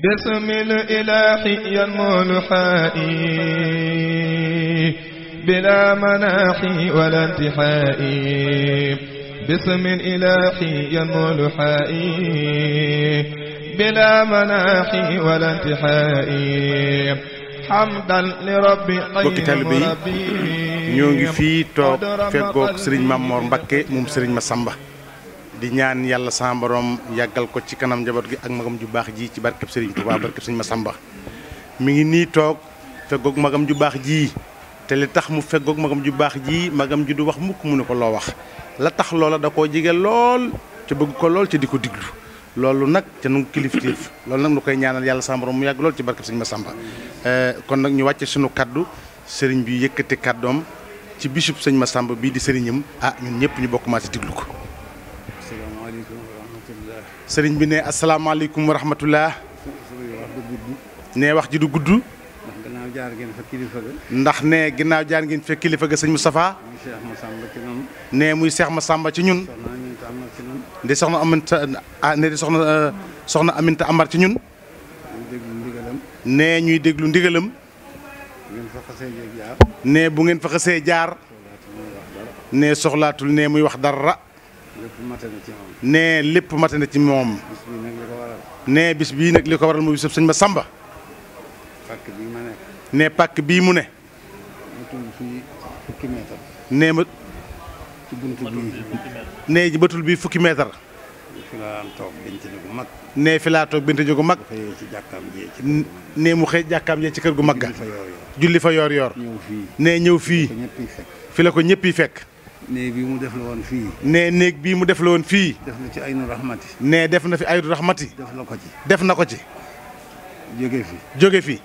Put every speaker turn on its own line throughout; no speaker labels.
باسم الإله ينمو لحائي بلا مناحي ولا انتحائي باسم الإله ينمو لحائي بلا مناحي ولا انتحائي حمدا لربي طيب ربي ñoo ngi fii toog fekkoog Serigne Mamor Mbakke moom Serigne Massamba di ñaan yàlla sama yàggal ko ci kanam njaboot gi ak magam ju baax ji ci barkeb Serigne Touba barkeb ma Massamba mi ngi nii toog feggoog magam ju baax ji te li tax mu fegoog magam ju baax ji magam ji du wax mukk mu ne ko loo wax la tax loola da koo jige lool ca bëgg ko lool ca di ko diglu loolu nag ca nu kilifteef loolu nag nu koy ñaanal yàlla sama mu yàgg lool ci barkeb ma Massamba eh, kon nag ñu wàcce suñu kàddu Serigne bi yëkkati kaddoom ci bisub Serigne Massamba bii di sëriñam ah ñun ñëpp ñu bokk maa si ko sëriñ bi ne asalaamaaleykum wa rahmatullah ne wax ji du gudd. ndax ne ginnaaw jaar ngeen fa kilifa ga sëñ Moustapha. ne muy Seex Masamba ci ñun. di soxna Aminta ne soxna euh, soxna Aminta Amar ci ñun. ne ñuy déglu ndigalam. ne bu ngeen fa xasee jaar. ne soxlaatul ne muy wax dara. nee lépp mate na ci moom. nee bis bii nag li ko waral mu bisub sëñ ma sàmba nee pàkk bii mu ne. nee ma. batul bii fukki meetar. nee fi laa toog bint gu mag. nee mu xëy jàkkaam jee ci kër gu mag ga. julli fa yoor yoor. nee ñëw fii. fi ko ñëpp fekk. néeg mu def la woon fii. nee néeg bii mu def la woon fii. def na ci aynu rahmati. nee def na fi aynu rahmati. def na ko ci. def na ko ci. jóge fi. jóge fi.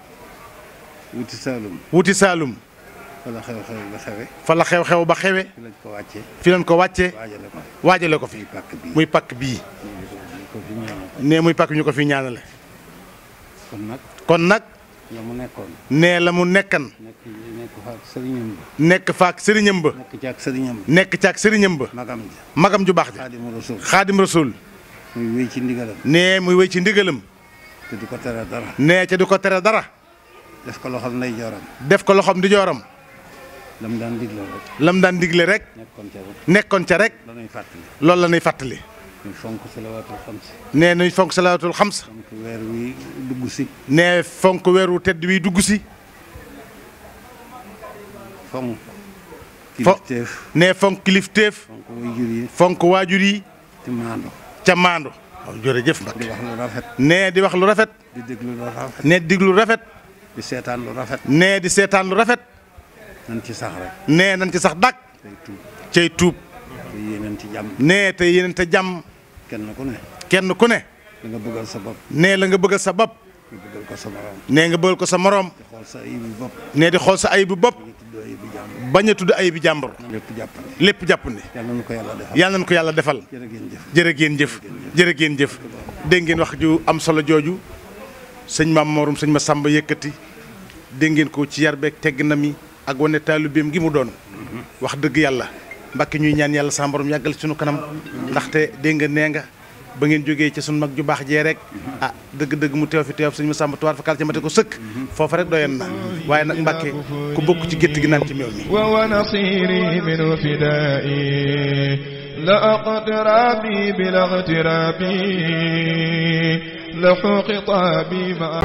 wuti Saalum. wuti Saalum. fa xew-xew ba xewe. fa la xew-xew ba xewe. lañ ko wàcce fi lañ ko wàccee. waajale ko fi waajale ko fi. muy pàkk bii muy pàkk bii. nee muy pàkk ñu ko fi ñaanale. kon nag. la mu nekkoon. nee la mu nekkan. nekk fa ak nekk fa ak ba. nekk ca sëriñam nekk ca ak sëriñam ba. magam ja magam ju baax ja. xaadim rasul xaadim rasul. muy ci ndigalam. nee muy wéy ci ndigalam. te ko tere dara. nee te du ko tere dara. def ko loxoom nday jooram. def ko loxoom di jooram. lam daan digle rek. daan digle rek. nekkoon ca rek. nekkoon ca rek. loolu la ñuy fàttali. ñu fonk salawaatul xamsa. nee nañ fonk salawaatul xamsa. fonk weer wi dugg si. nee fonk weer wu tedd wi dugg si. fonk. kilifteef nee fonk kilifteef. fonk waajur yi. fonk waajur yi. ca maandu. ca maandu. nee di wax lu rafet. di déglu lu rafet. nee di déglu rafet. seetaan lu rafet. nee di seetaan lu rafet. nan ci sax rek. nee nan ci sax dàq. cay tuub. nee te yéeneen te jàmm. kenn ku ne. kenn ku ne. la nga bëggal sa bopp. nee la nga bëggal sa bopp. ko sa morom. nee nga bëggal ko sa morom. di xool sa ayibu bopp. nee di xool sa ayibu bopp. bañ a tudd ayibu jàmbur. lépp jàpp lépp jàpp ne. yal nañu ko yàlla defal ko yàlla defal. jërë ngeen jëf jërë ngeen jëf. dégg ngeen wax ju am solo jooju sëñ maam Morum sëñ ma Samba yëkkati dégg ngeen ko ci yar beeg tegg na mi ak wane taalibeem gi mu doon mhm. wax dëgg yàlla mbakki ñuy ñaan yàlla sa borom suñu kanam ndaxte dégg nga nee nga ba ngeen jógee ci sunu mag ju baax jee rek ah dëgg-dëgg mu teew fi teew suñu Masamba tuwaat fa kal ci mate ko sëkk foofa rek doyen na waaye nag mbàkke ku bokk ci gétt gi naan ci meew mi wa nasiri min fidai la aqtirabi bil aqtirabi la xuqita bi ma